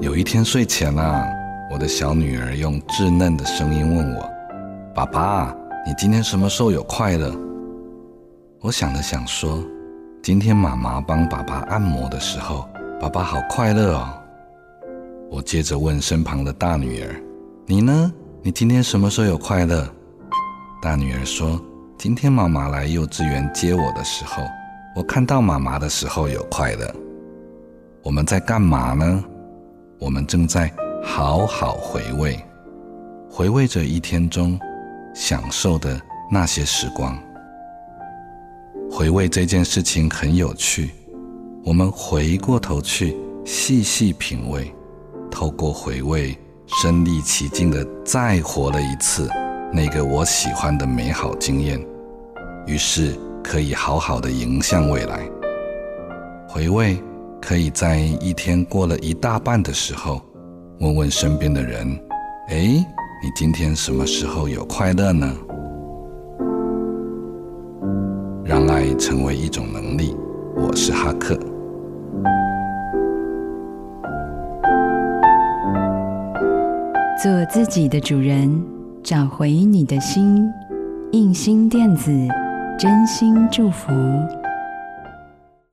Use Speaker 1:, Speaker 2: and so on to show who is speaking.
Speaker 1: 有一天睡前啊，我的小女兒用稚嫩的聲音問我：“爸爸，你今天什麼時候有快樂？”我想了想說：“今天媽媽幫爸爸按摩的時候，爸爸好快樂哦。”我接着問身旁的大女兒：“你呢？你今天什麼時候有快樂？”大女兒說：“今天媽媽來幼稚園接我的時候，我看到媽媽的時候有快樂。”我們在幹嘛呢？我們正在好好回味，回味着一天中享受的那些時光。回味這件事情很有趣，我們回過頭去細細品味，透過回味身歷其境的再活了一次那個我喜歡的美好經驗，於是可以好好的迎向未來。回味。可以在一天過了一大半的時候，問問身邊的人：“哎、欸，你今天什麼時候有快樂呢？”讓愛成為一種能力。我是哈克。
Speaker 2: 做自己的主人，找回你的心。映興電子，真心祝福。